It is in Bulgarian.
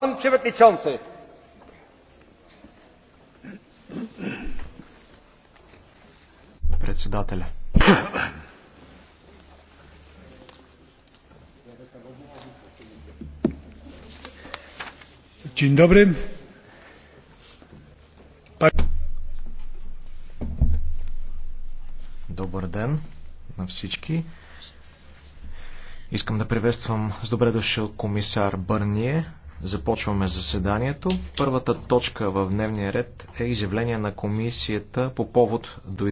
Pan Przewodniczący! Председателя. Dzień dobry. Добър ден на всички. Искам да приветствам с добре дошъл комисар Бърние, Започваме заседанието. Първата точка в дневния ред е изявление на комисията по повод до